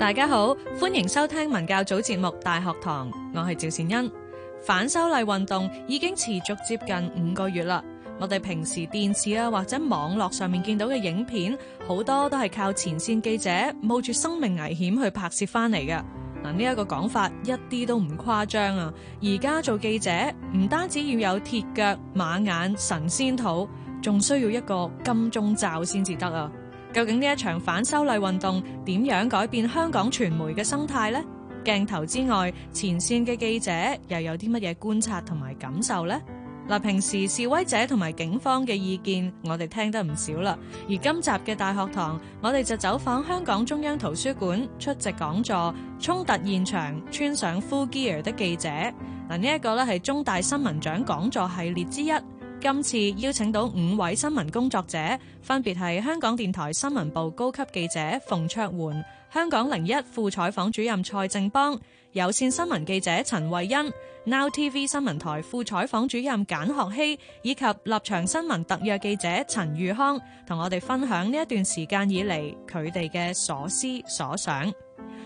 大家好，歡迎收聽文教組節目《大學堂》，我係趙善恩。反修例運動已經持續接近五個月啦。我哋平時電視啊或者網絡上面見到嘅影片，好多都係靠前線記者冒住生命危險去拍攝翻嚟嘅。嗱，呢一個講法一啲都唔誇張啊！而家做記者，唔單止要有鐵腳馬眼神仙肚，仲需要一個金鐘罩先至得啊！究竟呢一場反修例運動點樣改變香港傳媒嘅生態呢？鏡頭之外，前線嘅記者又有啲乜嘢觀察同埋感受呢？嗱，平時示威者同埋警方嘅意見我哋聽得唔少啦，而今集嘅大學堂，我哋就走訪香港中央圖書館，出席講座、衝突現場、穿上 full gear 的記者嗱，呢、這、一個咧係中大新聞獎講座系列之一。今次邀請到五位新聞工作者，分別係香港電台新聞部高級記者馮卓媛、香港零一副採訪主任蔡正邦、有線新聞記者陳慧欣、Now TV 新聞台副採訪主任簡學希，以及立場新聞特約記者陳宇康，同我哋分享呢一段時間以嚟佢哋嘅所思所想。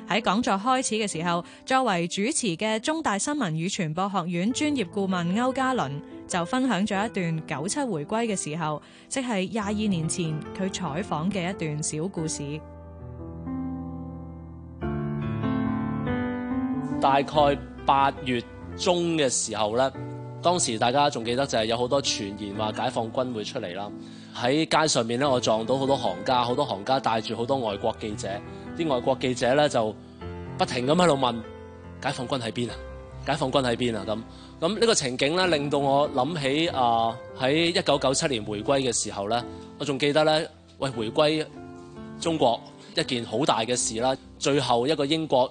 喺講座開始嘅時候，作為主持嘅中大新聞與傳播學院專業顧問歐嘉倫，就分享咗一段九七回歸嘅時候，即係廿二年前，佢採訪嘅一段小故事。大概八月中嘅時候呢，當時大家仲記得就係有好多傳言話解放軍會出嚟啦。喺街上面呢，我撞到好多行家，好多行家帶住好多外國記者，啲外國記者呢就不停咁喺度問解放軍喺邊啊！解放軍喺邊啊？咁咁呢個情景咧，令到我諗起啊喺一九九七年回歸嘅時候咧，我仲記得咧，喂回歸中國一件好大嘅事啦。最後一個英國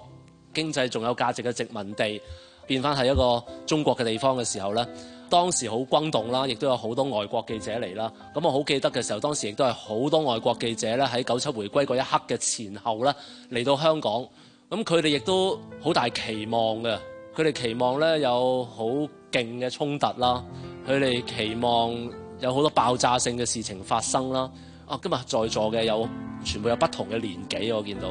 經濟仲有價值嘅殖民地變翻係一個中國嘅地方嘅時候咧，當時好轟動啦，亦都有好多外國記者嚟啦。咁我好記得嘅時候，當時亦都係好多外國記者咧喺九七回歸嗰一刻嘅前後咧嚟到香港。咁佢哋亦都好大期望嘅。佢哋期望呢有好勁嘅衝突啦，佢哋期望有好多爆炸性嘅事情發生啦。啊，今日在座嘅有全部有不同嘅年紀，我見到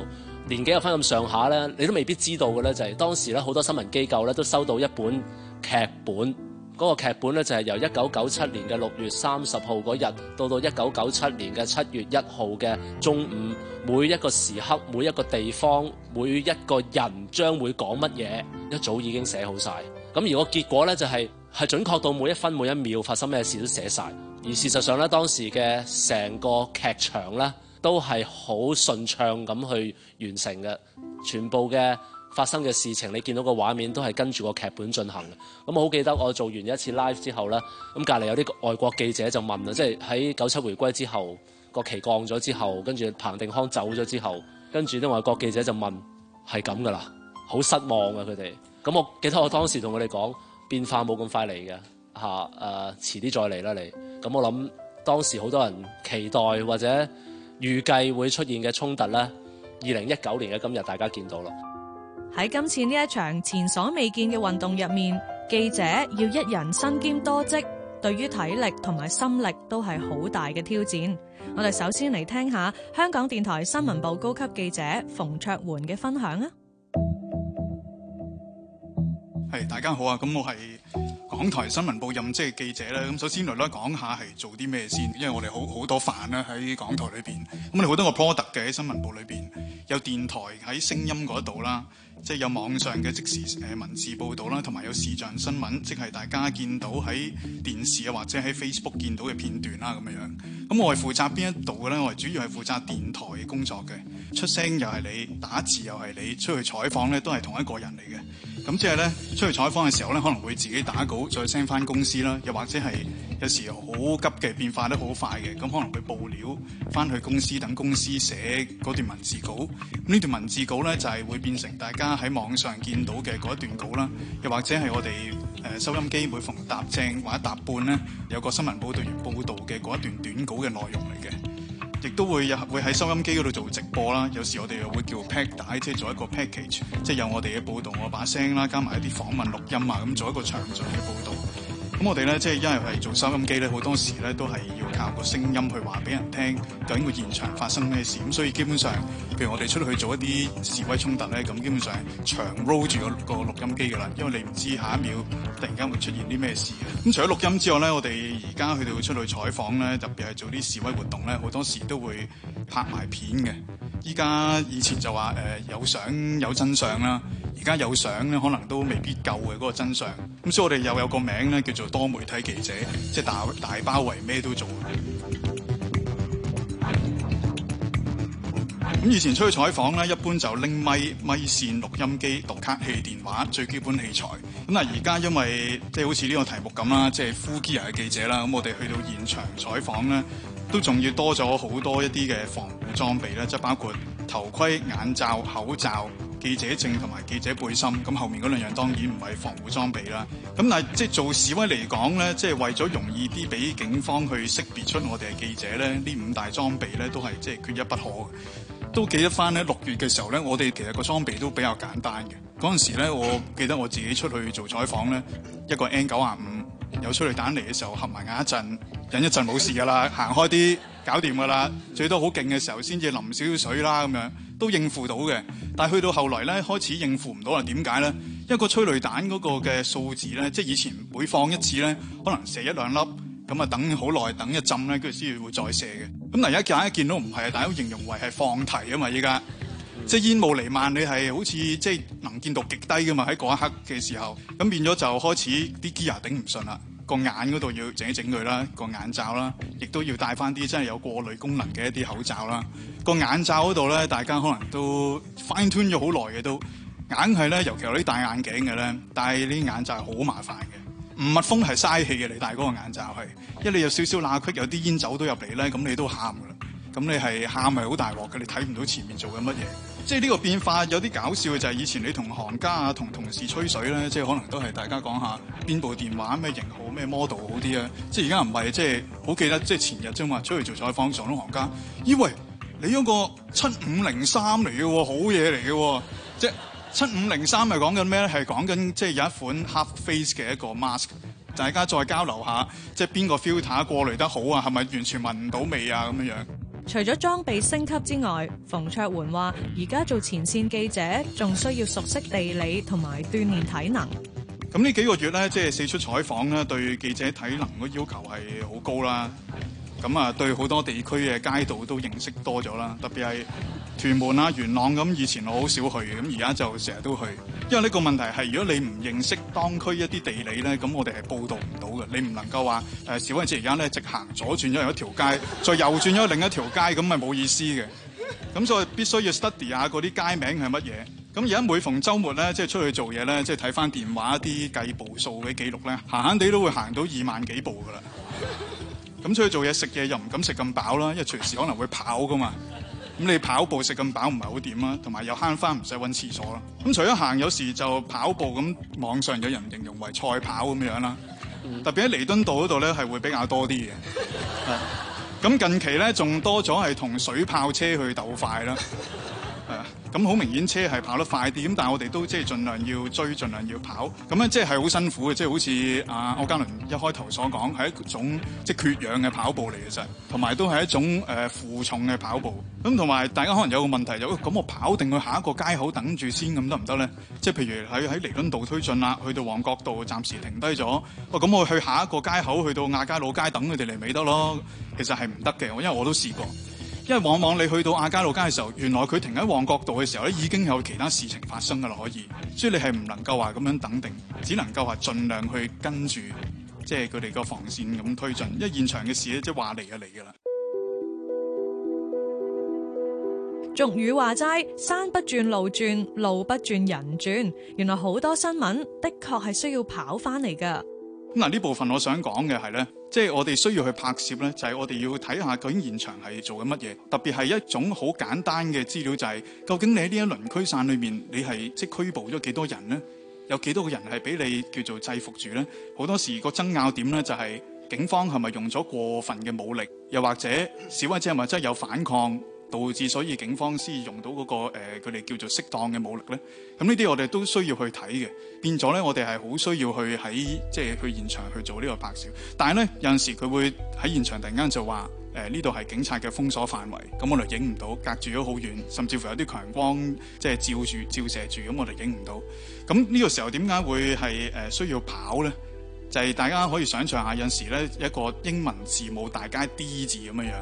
年紀有返咁上下呢，你都未必知道嘅呢，就係當時呢好多新聞機構呢都收到一本劇本。嗰個劇本呢就係由一九九七年嘅六月三十號嗰日到到一九九七年嘅七月一號嘅中午，每一個時刻、每一個地方、每一個人將會講乜嘢，一早已經寫好晒。咁而個結果呢就係係準確到每一分每一秒發生咩事都寫晒。而事實上呢，當時嘅成個劇場呢都係好順暢咁去完成嘅，全部嘅。發生嘅事情，你見到個畫面都係跟住個劇本進行嘅。咁我好記得我做完一次 live 之後呢，咁隔離有啲外國記者就問啦，即係喺九七回歸之後國旗降咗之後，跟住彭定康走咗之後，跟住啲外國記者就問係咁噶啦，好失望啊！佢哋咁，我記得我當時同佢哋講，變化冇咁快嚟嘅嚇誒，遲啲再嚟啦，你咁我諗當時好多人期待或者預計會出現嘅衝突呢，二零一九年嘅今日大家見到咯。喺今次呢一場前所未見嘅運動入面，記者要一人身兼多職，對於體力同埋心力都係好大嘅挑戰。我哋首先嚟聽下香港電台新聞部高級記者馮卓桓嘅分享啊。係大家好啊！咁我係港台新聞部任職嘅記者咧。咁首先嚟咧講下係做啲咩先？因為我哋好好多範咧，喺港台裏邊，咁我哋好多個 product，嘅喺新聞部裏邊有電台喺聲音嗰度啦。即係有網上嘅即時誒文字報道啦，同埋有視像新聞，即係大家見到喺電視啊，或者喺 Facebook 見到嘅片段啦咁樣樣。咁我係負責邊一度嘅咧？我係主要係負責電台嘅工作嘅。出聲又係你，打字又係你，出去採訪咧都係同一個人嚟嘅。咁即係咧出去採訪嘅時候咧，可能會自己打稿再 send 翻公司啦，又或者係有時好急嘅變化得好快嘅，咁可能佢報料翻去公司等公司寫嗰段文字稿。咁呢段文字稿咧就係會變成大家喺網上見到嘅嗰一段稿啦，又或者係我哋誒收音機每逢搭正或者搭半咧有個新聞報道員報導嘅嗰一段短稿嘅內容嚟嘅。亦都會有會喺收音機嗰度做直播啦，有時我哋又會叫 pack 帶，即係做一個 package，即係有我哋嘅報道，我把聲啦，加埋一啲訪問錄音啊，咁做一個詳盡嘅報道。咁我哋咧，即係因為係做收音機咧，好多時咧都係要靠個聲音去話俾人聽究竟個現場發生咩事。咁所以基本上，譬如我哋出去做一啲示威衝突咧，咁基本上係長 roll 住嗰個錄音機噶啦。因為你唔知下一秒突然間會出現啲咩事。咁除咗錄音之外咧，我哋而家去到出去採訪咧，特別係做啲示威活動咧，好多時都會拍埋片嘅。依家以前就話誒有相有真相啦，而家有相咧可能都未必夠嘅嗰個真相。咁所以我哋又有個名咧叫做。多媒體記者即係、就是、大大包圍咩都做。咁以前出去採訪咧，一般就拎咪咪線、錄音機、讀卡器、電話、最基本器材。咁啊，而家因為即係、就是、好似呢個題目咁啦，即係 full gear 嘅記者啦，咁我哋去到現場採訪咧，都仲要多咗好多一啲嘅防護裝備咧，即係包括頭盔、眼罩、口罩。記者證同埋記者背心，咁後面嗰兩樣當然唔係防護裝備啦。咁但係即係做示威嚟講咧，即係為咗容易啲俾警方去識別出我哋係記者咧，呢五大裝備咧都係即係缺一不可。都記得翻咧六月嘅時候咧，我哋其實個裝備都比較簡單嘅。嗰陣時咧，我記得我自己出去做採訪咧，一個 N95，有催淚彈嚟嘅時候，合埋眼一陣，忍一陣冇事噶啦，行開啲搞掂噶啦。最多好勁嘅時候先至淋少少水啦咁樣。都應付到嘅，但係去到後來咧，開始應付唔到啦。點解咧？因為一個催淚彈嗰個嘅數字咧，即係以前每放一次咧，可能射一兩粒，咁啊等好耐，等一陣咧，跟住先至會再射嘅。咁而家一見到唔係，但係都形容為係放題啊嘛！依家即係煙霧彌漫，你係好似即係能見度極低噶嘛？喺嗰一刻嘅時候，咁變咗就開始啲 gear 頂唔順啦。個眼嗰度要整一整佢啦，個眼罩啦，亦都要戴翻啲真係有過濾功能嘅一啲口罩啦。個眼罩嗰度咧，大家可能都 fine tune 咗好耐嘅都。眼係咧，尤其有啲戴眼鏡嘅咧，戴呢啲眼罩係好麻煩嘅。唔密封係嘥氣嘅，你戴嗰個眼罩係，因為你有少少罅隙，有啲煙走都入嚟咧，咁你都喊㗎啦。咁你係喊係好大鑊嘅，你睇唔到前面做緊乜嘢。即係呢個變化有啲搞笑嘅，就係以前你同行家啊，同同事吹水咧，即係可能都係大家講下邊部電話咩型號咩 model 好啲啊。即係而家唔係即係好記得，即係前日啫嘛，出去做採訪，上到行家，以、欸、喂，你嗰個七五零三嚟嘅好嘢嚟嘅，即係七五零三係講緊咩咧？係講緊即係有一款 Half Face 嘅一個 mask，大家再交流下，即係邊個 filter 過濾得好啊？係咪完全聞唔到味啊？咁樣樣。除咗裝備升級之外，馮卓桓話：而家做前線記者，仲需要熟悉地理同埋鍛鍊體能。咁呢幾個月咧，即係四出採訪咧，對記者體能嘅要求係好高啦。咁啊，對好多地區嘅街道都認識多咗啦。特別係屯門啊、元朗咁，以前我好少去，咁而家就成日都去。因為呢個問題係，如果你唔認識當區一啲地理咧，咁我哋係報導唔到嘅。你唔能夠話小王子而家咧直行左轉咗一條街， 再右轉咗另一條街，咁係冇意思嘅。咁所以必須要 study 下嗰啲街名係乜嘢。咁而家每逢周末咧，即係出去做嘢咧，即係睇翻電話一啲計步數嘅記錄咧，閒閒地都會行到二萬幾步噶啦。咁出去做嘢食嘢又唔敢食咁飽啦，因為隨時可能會跑噶嘛。咁你跑步食咁飽唔係好掂啊？同埋又慳翻唔使搵廁所啦。咁除咗行，有時就跑步咁，網上有人形容為賽跑咁樣啦、嗯。特別喺彌敦道嗰度咧，係會比較多啲嘅。咁 近期咧，仲多咗係同水炮車去鬥快啦。 咁、uh, 好明顯車係跑得快啲，咁但係我哋都即係儘量要追，儘量要跑，咁樣即係好辛苦嘅，即、就、係、是、好似阿、uh, 奧嘉倫一開頭所講，係一種即係、就是、缺氧嘅跑步嚟嘅啫，同埋都係一種誒、uh, 負重嘅跑步。咁同埋大家可能有個問題就是，咁、哎、我跑定去下一個街口等住先咁得唔得呢？即、就、係、是、譬如喺喺彌敦道推進啦，去到旺角道暫時停低咗，咁、哎、我去下一個街口去到亞皆老街等佢哋嚟咪得咯？其實係唔得嘅，因為我都試過。因為往往你去到亞皆老街嘅時候，原來佢停喺旺角道嘅時候咧，已經有其他事情發生噶啦，可以，所以你係唔能夠話咁樣等定，只能夠話盡量去跟住，即係佢哋個防線咁推進。因為現場嘅事咧，即係話嚟就嚟噶啦。俗語話齋，山不轉路轉，路不轉人轉。原來好多新聞的確係需要跑翻嚟噶。嗱，呢部分我想講嘅係咧。即係我哋需要去拍攝咧，就係我哋要睇下究竟現場係做緊乜嘢，特別係一種好簡單嘅資料，就係究竟你喺呢一輪驅散裏面，你係即係拘捕咗幾多人咧？有幾多個人係俾你叫做制服住咧？好多時個爭拗點咧，就係警方係咪用咗過分嘅武力，又或者示威者係咪真係有反抗？導致所以警方先用到嗰、那個佢哋、呃、叫做適當嘅武力咧。咁呢啲我哋都需要去睇嘅，變咗咧，我哋係好需要去喺即係去現場去做呢個拍攝。但係咧，有陣時佢會喺現場突然間就話，誒呢度係警察嘅封鎖範圍，咁我哋影唔到，隔住咗好遠，甚至乎有啲強光即係、就是、照住照射住，咁我哋影唔到。咁呢個時候點解會係誒、呃、需要跑咧？就係、是、大家可以想像下，有陣時咧一個英文字母大階 D 字咁樣樣，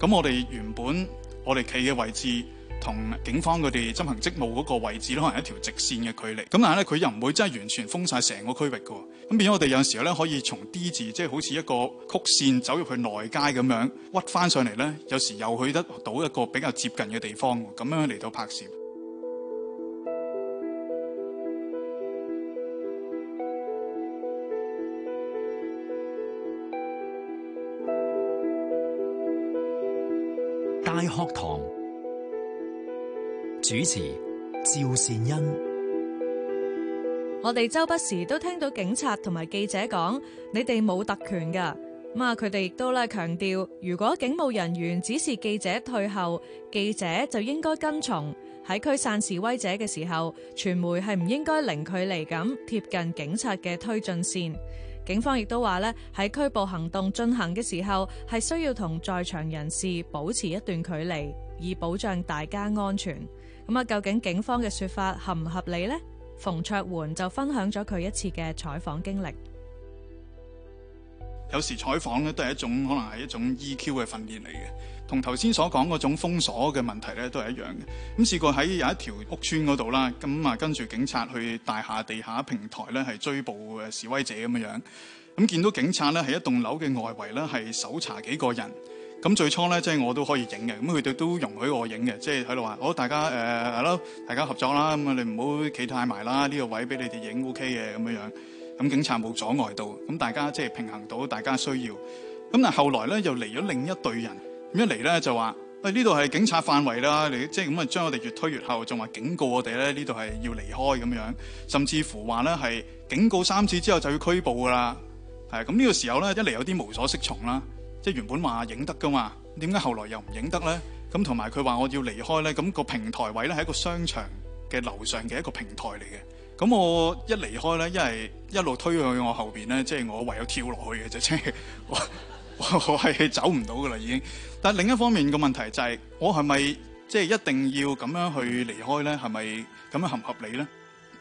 咁我哋原本，我哋企嘅位置同警方佢哋執行職務嗰個位置，咧可能一條直線嘅距離，咁但係咧，佢又唔會真係完全封晒成個區域嘅。咁，變咗我哋有時候咧，可以從 D 字，即係好似一個曲線走入去內街咁樣屈翻上嚟咧，有時又去得到一個比較接近嘅地方，咁樣嚟到拍攝。大學堂主持趙善恩，我哋周不時都聽到警察同埋記者講：你哋冇特權㗎。咁啊，佢哋亦都咧強調，如果警務人員指示記者退後，記者就應該跟從。喺驅散示威者嘅時候，傳媒係唔應該零距離咁貼近警察嘅推進線。警方亦都話咧，喺拘捕行動進行嘅時候，係需要同在場人士保持一段距離，以保障大家安全。咁啊，究竟警方嘅說法合唔合理呢？馮卓桓就分享咗佢一次嘅採訪經歷。有時採訪咧都係一種可能係一種 EQ 嘅訓練嚟嘅。同頭先所講嗰種封鎖嘅問題咧，都係一樣嘅。咁試過喺有一條屋村嗰度啦，咁啊跟住警察去大廈地下平台咧，係追捕誒示威者咁樣樣。咁見到警察咧，係一棟樓嘅外圍咧，係搜查幾個人。咁最初咧，即係我都可以影嘅，咁佢哋都容許我影嘅，即係喺度話好，大家誒 hello，大家合作啦，咁啊你唔好企太埋啦，呢個位俾你哋影 O K 嘅咁樣樣。咁警察冇阻礙到，咁大家即係平衡到大家需要。咁但，後來咧又嚟咗另一隊人，一嚟咧就話，喂呢度係警察範圍啦，你即係咁啊，將我哋越推越後，仲話警告我哋咧，呢度係要離開咁樣，甚至乎話咧係警告三次之後就要拘捕噶啦，係咁呢個時候咧，一嚟有啲無所適從啦，即係原本話影得噶嘛，點解後來又唔影得咧？咁同埋佢話我要離開咧，咁個平台位咧係一個商場嘅樓上嘅一個平台嚟嘅，咁我一離開咧，一係一路推去我後邊咧，即係我唯有跳落去嘅啫，即係。 我係走唔到噶啦，已經。但另一方面個問題就係，我係咪即係一定要咁樣去離開咧？係咪咁樣合唔合理咧？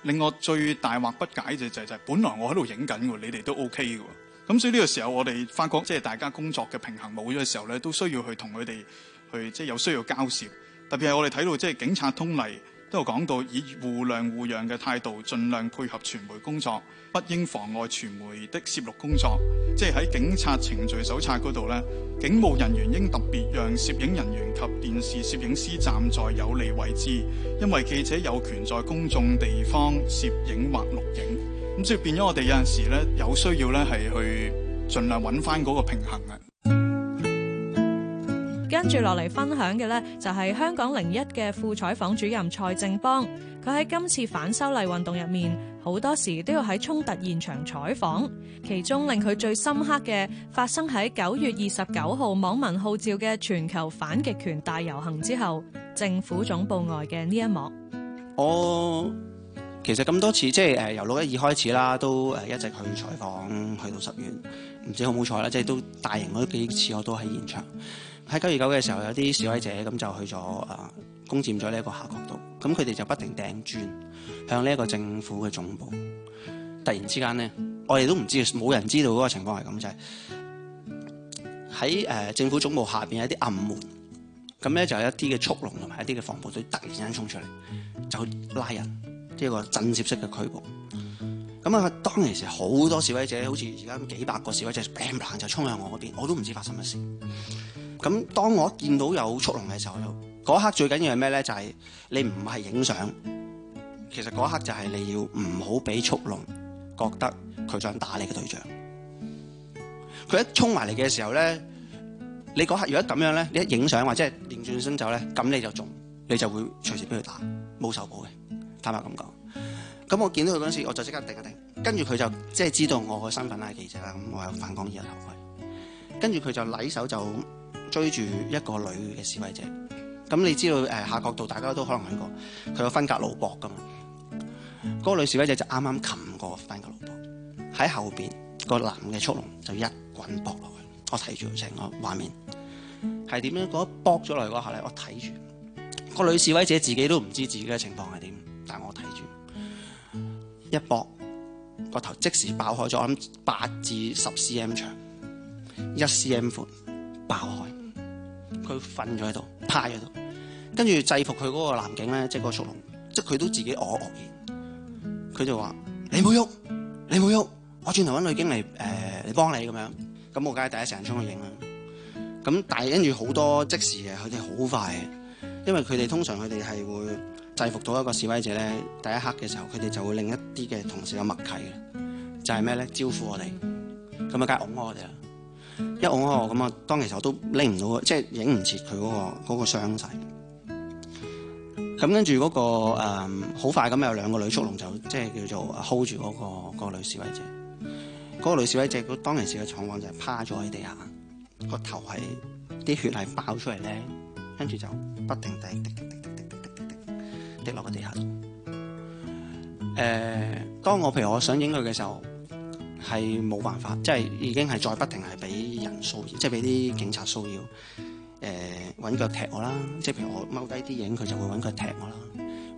令我最大惑不解嘅就係，就係，本來我喺度影緊，你哋都 OK 嘅。咁所以呢個時候，我哋發覺即係大家工作嘅平衡冇咗嘅時候咧，都需要去同佢哋去即係有需要交涉。特別係我哋睇到即係警察通例。都有講到以互諒互讓嘅態度，盡量配合傳媒工作，不應妨礙傳媒的攝錄工作。即係喺警察程序手冊嗰度呢，警務人員應特別讓攝影人員及電視攝影師站在有利位置，因為記者有權在公眾地方攝影或錄影。咁即係變咗，我哋有陣時呢，有需要呢係去盡量揾翻嗰個平衡嘅。跟住落嚟分享嘅呢，就係香港零一嘅副採訪主任蔡正邦，佢喺今次反修例運動入面，好多時都要喺衝突現場採訪，其中令佢最深刻嘅，發生喺九月二十九號網民號召嘅全球反極權大遊行之後，政府總部外嘅呢一幕。我、哦、其實咁多次，即係由六一二開始啦，都一直去採訪，去到十月。唔知好唔好彩啦，即係都大型嗰幾次我都喺現場。喺九月九嘅時候，有啲示威者咁就去咗啊、呃，攻佔咗呢一個下角度。咁佢哋就不停掟磚向呢一個政府嘅總部。突然之間咧，我哋都唔知，冇人知道嗰個情況係咁，就係喺誒政府總部下邊有啲暗門。咁咧就有一啲嘅速龍同埋一啲嘅防暴隊突然間衝出嚟，就拉人，即係一個鎮懾式嘅拘捕。咁啊，當其時好多示威者，好似而家幾百個示威者，砰就衝向我嗰邊，我都唔知發生乜事。咁當我見到有速龍嘅時候，嗰刻最緊要係咩咧？就係你唔係影相。其實嗰刻就係你要唔好俾速龍覺得佢想打你嘅對象。佢一衝埋嚟嘅時候咧，你嗰刻如果咁樣咧，你一影相或者係擰轉身走咧，咁你就中，你就會隨時俾佢打，冇受保嘅。坦白咁講。咁我見到佢嗰陣時，我就即刻定一定。跟住佢就即係知道我個身份係記者啦。咁我有反光衣有頭盔。跟住佢就攆手就追住一個女嘅示威者。咁你知道誒、呃、下角度，大家都可能睇過。佢個分隔路壆噶嘛？嗰、嗰個女示威者就啱啱冚過分隔路壆，喺後邊、嗰個男嘅速龍就一滾壆落去。我睇住，成個畫面係點樣？嗰壆咗落去嗰下咧，我睇住個女示威者自己都唔知自己嘅情況係點，但係我睇。一搏個頭即時爆開咗，咁八至十 cm 長，一 cm 闊，爆開，佢瞓咗喺度，趴喺度，跟住制服佢嗰個男警咧，即係個速龍，即係佢都自己愕愕然。佢就話：你冇喐，你冇喐，我轉頭揾女警嚟誒，嚟、呃、幫你咁樣，咁我梗係第一時間衝去影啦。咁但係跟住好多即時嘅，佢哋好快，因為佢哋通常佢哋係會。制服到一個示威者咧，第一刻嘅時候，佢哋就會另一啲嘅同事有默契嘅，就係咩咧？招呼我哋，咁啊梗係擁我哋啦，一擁我，咁啊當其時我都拎唔到，即係影唔切佢嗰個嗰個傷勢。咁跟住嗰個嗯，好快咁有兩個女速龍就即係、即係、叫做 hold 住嗰個嗰個女示威者。嗰個女示威者，佢當其時嘅狀況就係趴咗喺地下，個頭係啲血係爆出嚟咧，跟住就不停地滴，滴，滴。跌落個地下度。誒、呃，當我譬如我想影佢嘅時候，係冇辦法，即係已經係再不停係俾人騷擾，即係俾啲警察騷擾。誒、呃，揾腳踢我啦，即係譬如我踎低啲影，佢就會揾腳踢我啦，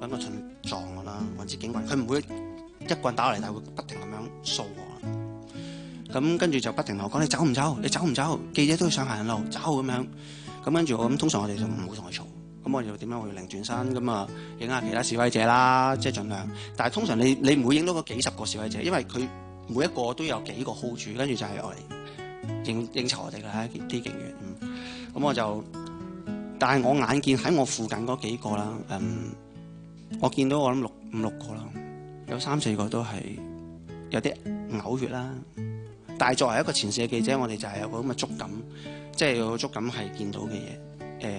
揾個盾撞我啦，揾支警棍，佢唔會一棍打落嚟，但係會不停咁樣掃我。咁跟住就不停同我講：你走唔走？你走唔走？記者都想行路走咁樣。咁跟住我咁，通常我哋就唔會同佢吵。咁我又點樣去擰轉身噶啊，影下其他示威者啦，即係盡量。但係通常你你唔會影到個幾十個示威者，因為佢每一個都有幾個好處，跟住就係我哋應應酬我哋嘅啲警員，咁我就，但係我眼見喺我附近嗰幾個啦，嗯，我見到我諗六五六個啦，有三四個都係有啲嘔血啦。但係作為一個前線嘅記者，我哋就係有個咁嘅觸感，即係有個觸感係見到嘅嘢，誒、呃。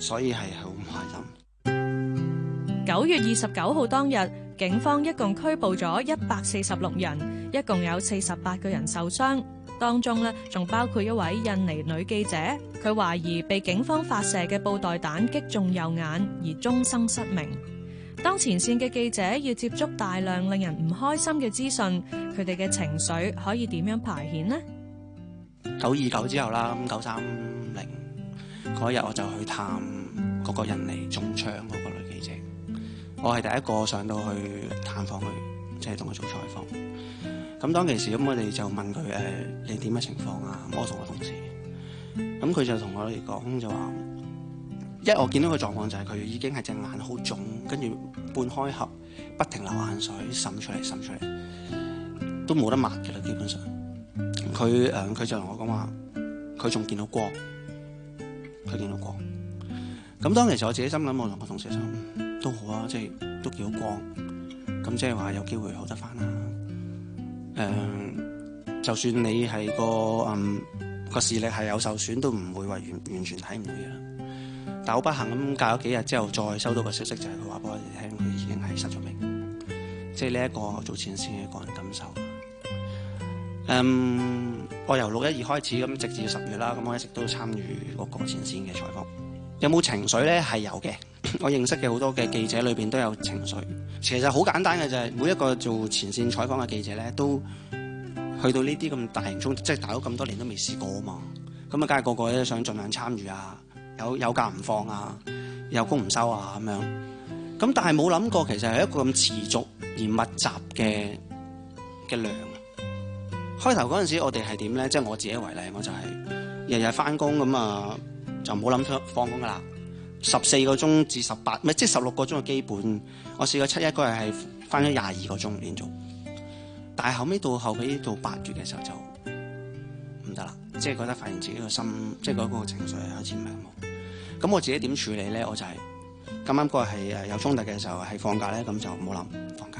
所以係好唔開心。九月二十九號當日，警方一共拘捕咗一百四十六人，一共有四十八個人受傷，當中呢仲包括一位印尼女記者，佢懷疑被警方發射嘅布袋彈擊中右眼而終生失明。當前綫嘅記者要接觸大量令人唔開心嘅資訊，佢哋嘅情緒可以點樣排遣呢？九二九之後啦，咁九三零。嗰日我就去探嗰個人嚟中槍嗰個女記者，我係第一個上到去探訪佢，即係同佢做採訪。咁當其時咁，我哋就問佢誒、呃、你點乜情況啊？我同我同事，咁佢就同我嚟講就話，一我見到個狀況就係佢已經係隻眼好腫，跟住半開合，不停流眼水滲出嚟，滲出嚟，滲出嚟，都冇得抹嘅啦，基本上。佢誒佢就同我講話，佢仲見到光。佢見到光，咁當其時我自己心諗，我同個同事心都好啊，即係都幾好光，咁即係話有機會好得返啦、啊。誒、嗯，就算你係個嗯個視力係有受損，都唔會話完完全睇唔到嘢啦。但係好不幸咁，隔咗幾日之後再收到個消息，就係佢話畀我哋聽，佢已經係失咗命。即係呢一個我做前線嘅個人感受。嗯。我由六一二開始咁，直至十月啦，咁我一直都參與個前線嘅採訪。有冇情緒咧？係有嘅。 我認識嘅好多嘅記者裏邊都有情緒。其實好簡單嘅就係、是、每一個做前線採訪嘅記者咧，都去到呢啲咁大型衝突，即、就、係、是、大咗咁多年都未試過啊嘛。咁啊，梗係個個都想盡量參與啊，有有假唔放啊，有工唔收啊咁樣。咁但係冇諗過，其實係一個咁持續而密集嘅嘅量。開頭嗰陣時我是呢，我哋係點咧？即係我自己為例，我就係日日翻工咁啊，就冇諗出放工噶啦。十四個鐘至十八，即係十六個鐘嘅基本。我試過七一嗰日係翻咗廿二個鐘連續，但係後尾到後尾到八月嘅時候就唔得啦，即係覺得發現自己個心，即係嗰個情緒有似唔係咁好。咁我自己點處理咧？我就係咁啱嗰日係誒有衝突嘅時候係放假咧，咁就冇諗放假。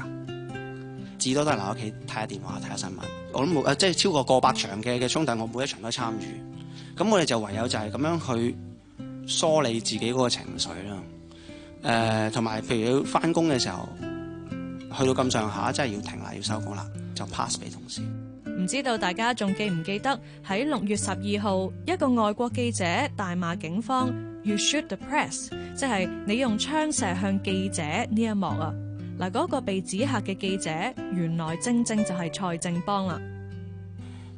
那就至多都係留喺屋企睇下電話、睇下新聞。我諗冇，即係超過過百場嘅嘅衝突，我每一場都參與。咁我哋就唯有就係咁樣去梳理自己嗰個情緒啦。誒、呃，同埋譬如要翻工嘅時候，去到咁上下，真係要停啦，要收工啦，就 pass 俾同事。唔知道大家仲記唔記得喺六月十二號，一個外國記者大罵警方、嗯，you shoot the press，即係你用槍射向記者呢一幕啊？嗱，嗰個被指責嘅記者，原來正正就係蔡正邦啦。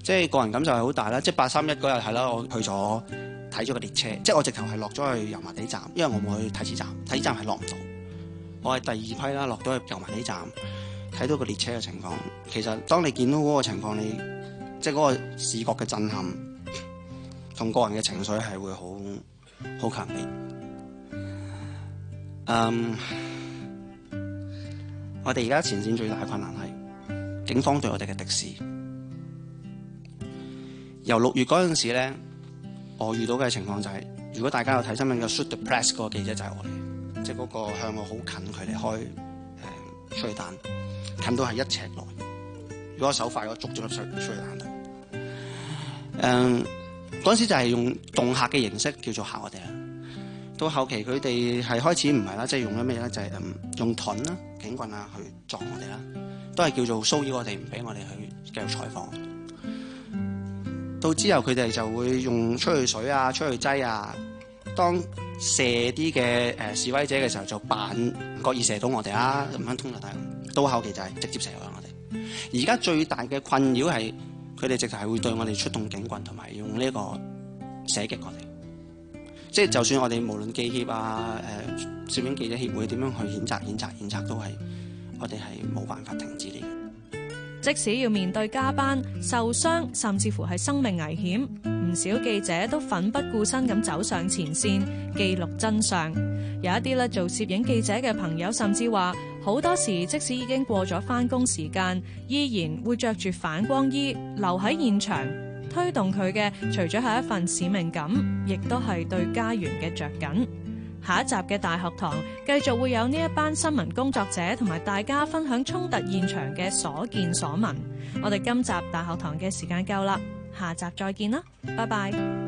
即係個人感受係好大啦，即係八三一嗰日係啦，我去咗睇咗個列車，即係我直頭係落咗去油麻地站，因為我冇去太子站，太子站係落唔到。我係第二批啦，落咗去油麻地站睇到個列車嘅情況。其實當你見到嗰個情況，你即係嗰個視覺嘅震撼同個人嘅情緒係會好好強烈。嗯、um。我哋而家前線最大嘅困難係警方對我哋嘅敵視。由六月嗰陣時咧，我遇到嘅情況就係、是，如果大家有睇新聞嘅《Shoot the Press》嗰個記者就係我嚟，即係嗰個向我好近佢哋開誒催、呃、彈，近到係一尺內。如果手快，我捉住入去，催彈得。嗰陣時就係用恫嚇嘅形式叫做嚇我哋啦。到後期佢哋係開始唔係啦，即係用咗咩咧？就係用盾啦、警棍啊去撞我哋啦，都係叫做騷擾我哋，唔俾我哋去繼續採訪。到之後佢哋就會用催淚水啊、催淚劑啊，當射啲嘅示威者嘅時候，就扮唔覺意射到我哋啦，咁樣通常都係咁，到後期就係直接射向我哋。而家最大嘅困擾係佢哋直係會對我哋出動警棍，同埋用呢個射擊我哋。即就算我哋無論記協啊、攝影記者協會點樣去譴責、譴責、譴責都係，都係我哋係冇辦法停止啲。即使要面對加班、受傷，甚至乎係生命危險，唔少記者都奮不顧身咁走上前線記錄真相。有一啲咧做攝影記者嘅朋友，甚至話好多時，即使已經過咗返工時間，依然會着住反光衣留喺現場。推動佢嘅，除咗係一份使命感，亦都係對家園嘅着緊。下一集嘅大學堂繼續會有呢一班新聞工作者同埋大家分享衝突現場嘅所見所聞。我哋今集大學堂嘅時間夠啦，下集再見啦，拜拜。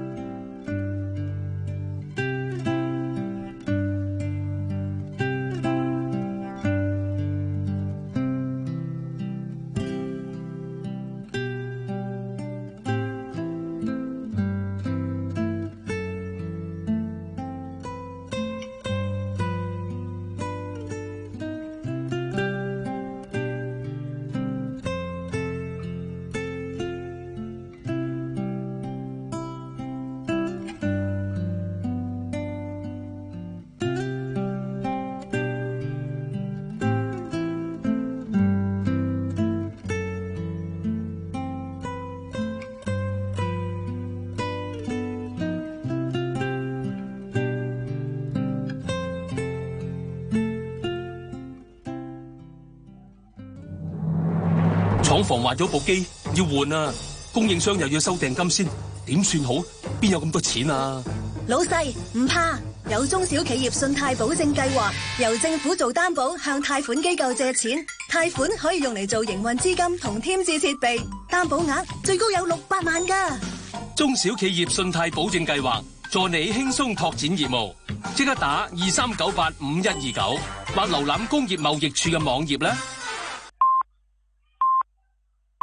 廠房壞咗部機要換啊，供應商又要收訂金先，點算好？邊有咁多錢啊？老細，唔怕，有中小企業信貸保證計劃，由政府做擔保向貸款機構借錢，貸款可以用嚟做營運資金同添置設備，擔保額最高有六百萬噶。中小企業信貸保證計劃助你輕鬆拓展業務，即刻打二三九八五一二九或瀏覽工業貿易處嘅網頁咧。